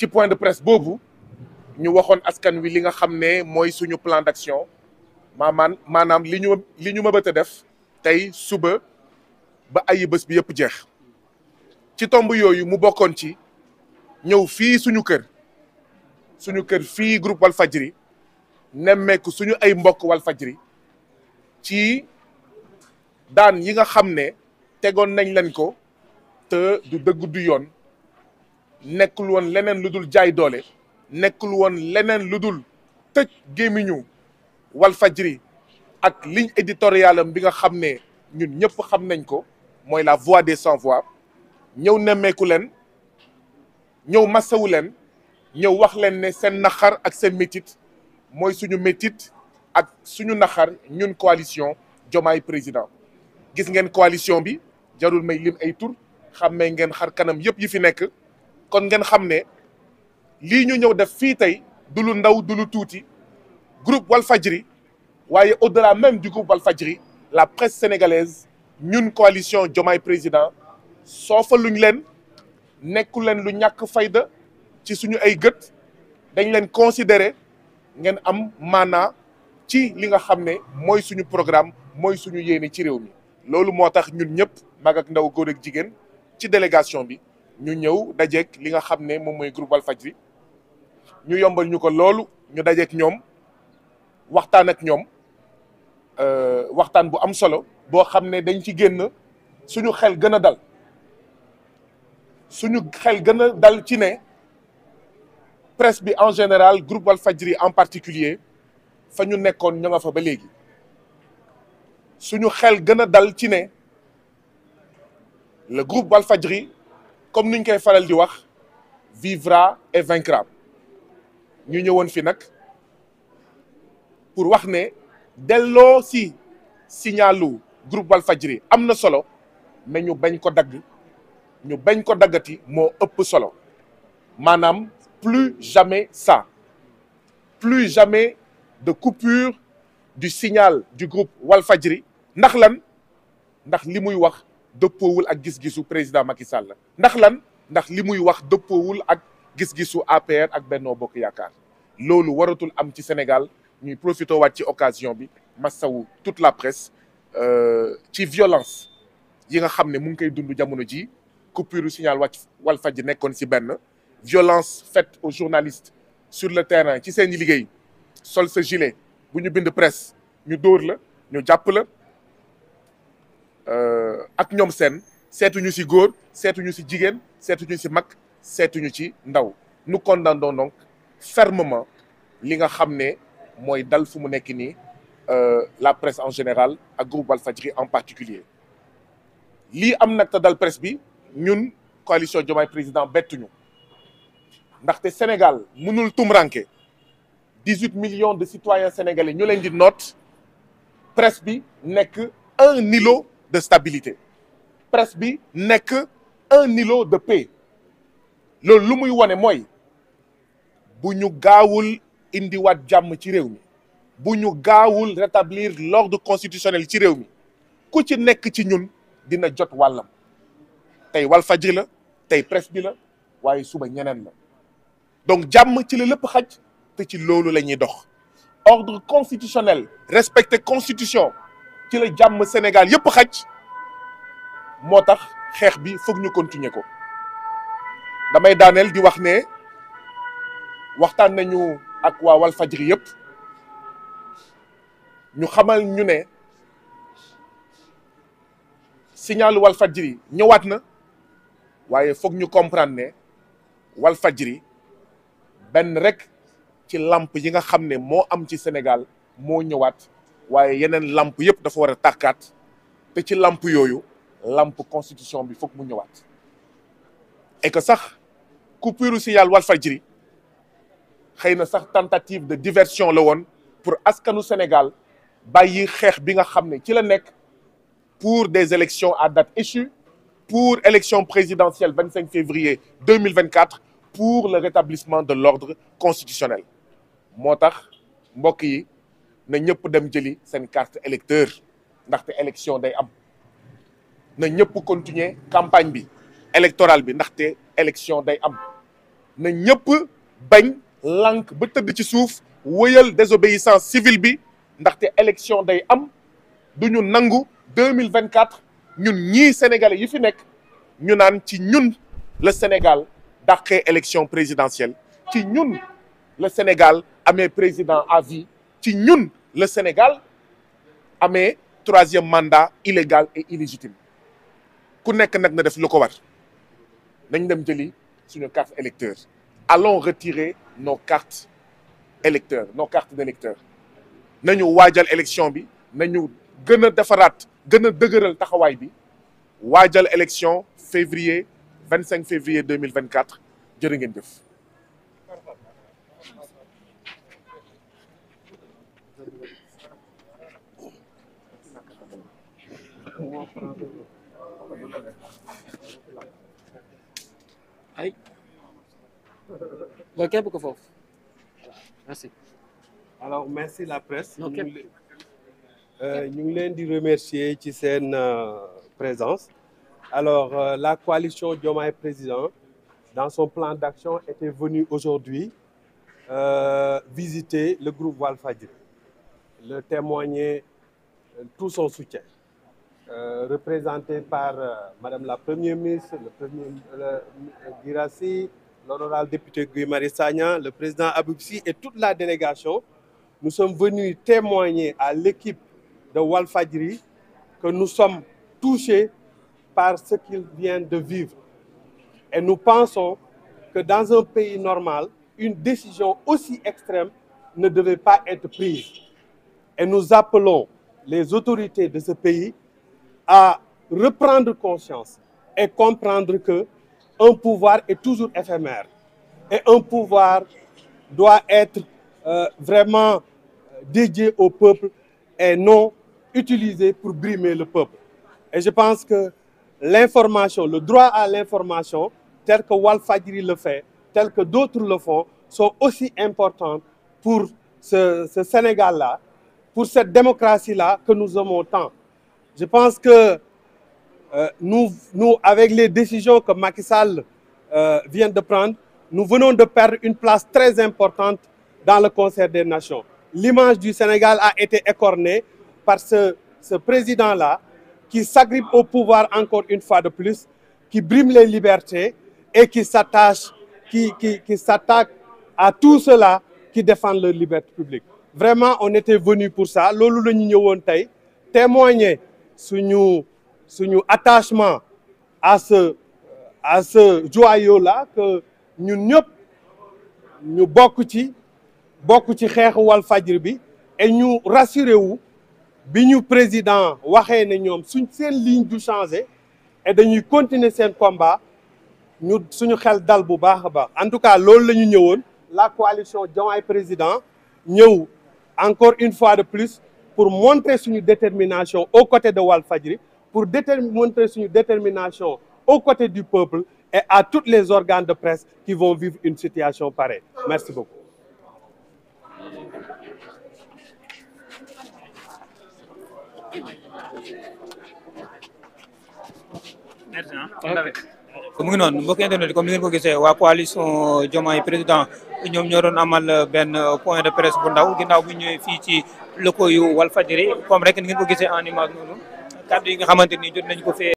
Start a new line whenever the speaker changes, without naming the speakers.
ci point de presse boobu ñu waxoon askan wi li nga xam ne mooy suñu plan d'action maamaan maanaam li ñu li ñu mëbët a def tey suba ba ayi bés bi yëpp jeex ci tomb yooyu mu bokkoon ci ñëw fii suñu kër suñu kër fii groupe Walfadjri nemmeeku suñu ay mbokk Walfadjri ci daan yi nga xam ne tegoon nañ leen ko te du dëgg du yoon nekkul woon leneen lu dul jaay doole nekkul woon leneen lu dul tëj gémmiñu Walfadjri ak liñ éditoriale bi nga xam ne ñun ñëpp xam nañ ko mooy la voix des sans voix ñëw nemmeeku leen ñëw massawu leen ñëw wax leen ne seen naxar ak seen métit mooy suñu métit ak suñu naxar ñun coalition Diomaye président gis ngeen coalition bi jarul may lim ay tur xàmmee ngeen xar kanam yëpp yi fi nekk kon ngeen xam ne lii ñu ñëw def fii tey du lu ndaw du lu tuuti groupe Walfadjri waaye au de la même du groupe Walfadjri la presse sénégalaise ñun coalition Diomaye Président soofa luñ leen nekku leen lu ñàkk fayda ci suñu ay gët dañ leen considérer ngeen am maana ci li nga xam ne mooy suñu programme mooy suñu yéene ci réew mi loolu moo tax ñun ñëpp mag ak ndaw góor ak jigéen ci délégation bi ñu ñëw dajeeg li nga xam ne moom mooy groupe Walfadjri ñu yombal ñu ko loolu ñu dajeeg ñoom waxtaan ak ñoom euh, waxtaan bu am solo boo xam ne dañ ci génn suñu xel gën a dal suñu xel gën a dal ci ne presse bi en général groupe Walfadjri en particulier fa ñu nekkoon ña nga fa ba léegi suñu xel gën a dal ci ne le groupe Walfadjri comme niñ koy faral di wax vivra et vaincra ñu ñëwoon fi nag pour wax ne delloo si signalu groupe Walfadjri am na solo mais ñu bañ ko dagg ñu bañ ko daggati moo ëpp solo maanaam plus jamais ça plus jamais de coupure du signal du groupe Walfadjri ndax lan ndax li muy wax dëppoowul ak gis-gisu président Macky Sall ndax lan ndax li muy wax dëppoowul ak gis-gisu APR ak Benno Bokk Yaakaar loolu waratul am ci Sénégal ñuy profité waat ci occasion bi massawu toute la presse euh, ci violence yi nga xam ne mu ngi koy dund jamono ji coupure du signal wàcc Walfadjri nekkoon si benn violence faite au journalistes sur le terrain ci seen i liggéey sol sa gilet bu ñu bind presse ñu dóor la ñu jàpp la ak ñoom seen seetuñu si góor seetuñu si jigéen seetuñu si mag seetuñu ci ndaw nous condamnons donc fermement li nga xam ne mooy dal fu mu nekk nii euh, la presse en général ak groupe Walfadjri en particulier lii am nag te dal presse bi ñun coalition Diomaye Président bettuñu ndaxte Sénégal mënul tumranke dix-huit millions de citoyens sénégalais ñu leen di noot presse bi nekk un îlot de stabilité presse bi nekk un îlot de paix loolu lu muy wane mooy bu ñu gaawul indiwaat jàmm ci réew mi bu ñu gaawul rétablir l'ordre constitutionnel ci réew mi ku ci nekk ci ñun dina jot wàllam tey Walfadjri la tey presse bi la waaye suba ñeneen la donc jàmm ci la lépp xaj te ci loolu la ñuy dox ordre constitutionnel respecter constitution ci la jàmm Sénégal yëpp xaj moo tax xeex bi foog ñu continuer ko damay daaneel di wax ne waxtaan nañu ak waa Walfadjri yëpp ñu xamal ñu ne signal Walfadjri ñëwaat na waaye foog ñu comprendre ne Walfadjri benn rek ci làmp yi nga xam ne moo am ci Sénégal moo ñëwaat waaye yeneen làmp yëpp dafa war a takkaat te ci làmp yooyu làmp constitution bi foog mu ñëwaat et que sax coupure signal Walfadjri xëy na sax tentative de diversion la woon pour askanu Sénégal bàyyi xeex bi nga xam ne ci la nekk pour des élections à date échue pour élection présidentielle 25 février 2024 pour le rétablissement de l'ordre constitutionnel moo tax mbokk yi na ñëpp dem jëli seen carte électeur ndaxte élection day am na ñëpp continuer campagne bi électorale bi ndaxte élection day am na ñëpp bañ lank ba tëdd ci suuf wëyal désobéissance civile bi ndaxte élection day am du ñu nangu deux mille vingt quatre ñun ñii sénégalais yi fi nekk ñu naan ci ñun la Sénégal dàqee élection présidentielle ci ñun la Sénégal amee président à vie ci ñun le Sénégal amee troisième mandat illégal et illégitime ku nekk nag na def lu ko war nañ dem jëli suñu carte électeur allons retirer nos cartes électeurs nos cartes d'électeurs nañu waajal élection bi nañu gën a defaraat gën a dëgëral taxawaay bi waajal élection février vingt cinq février deux mille vingt quatre jërë ngeen jëf はい
loolu képp ko foofu merci merci la presse euh, ñu ngi leen di remercier ci seen euh, présence alors euh, la coalition Diomaye Président dans son plan d'action était venue aujourd'hui euh, visiter le groupe Walfadjri le témoigner euh, tout son soutien Euh, représenté par euh, Madame la Première ministre, le Premier euh, Guirassi, l'honorable député Guy Sagna, le président Aboubsi et toute la délégation. Nous sommes venus témoigner à l'équipe de Walfadri que nous sommes touchés par ce qu'ils viennent de vivre. Et nous pensons que dans un pays normal, une décision aussi extrême ne devait pas être prise. Et nous appelons les autorités de ce pays à reprendre conscience et comprendre que un pouvoir est toujours éphémère et un pouvoir doit être euh, vraiment euh, dédié au peuple et non utilisé pour brimer le peuple. Et je pense que l'information, le droit à l'information, tel que Walfadjiri le fait, tel que d'autres le font, sont aussi importants pour ce, ce Sénégal-là, pour cette démocratie-là que nous aimons temps Je pense que euh, nous, avec les décisions que Macky Sall euh, vient de prendre, nous venons de perdre une place très importante dans le concert des nations. L'image du Sénégal a été écornée par ce, ce président-là qui s'agrippe au pouvoir encore une fois de plus, qui brime les libertés et qui s'attache, qui, qui, qui s'attaque à tout ceux-là qui défendent leur liberté publique. Vraiment, on était venu pour ça. Lolo le témoigner suñu suñu attachement à ce à ce joyau là que ñun ñëpp ñu bokk ci bokk ci xeexu Walfadjri bi et ñu rassuré wu bi ñu président waxee ne ñoom suñ seen ligne du changé et dañuy continuer seen combat ñu suñu xel dal bu baax a baax en tout cas loolu la ñu ñëwoon la coalition Diomaye président ñëw encore une fois de plus pour montrer suñu détermination aux côtés de Walfadjri pour montrer suñu détermination aux côtés du peuple et à tous les organes de presse qui vont vivre une situation pareille merci beaucoup. mu ngi noonu mbokk internet comme ni ngeen ko gisee waa coalition Diomaye président ñoom ñoo doon amal benn point de presse bu ndaw ginnaaw bu ñëwee fii ci locaux yu Walfadjri comme rek ni ngeen ko gisee en image noonu kàddu yi nga xamante ni jot nañ ko fee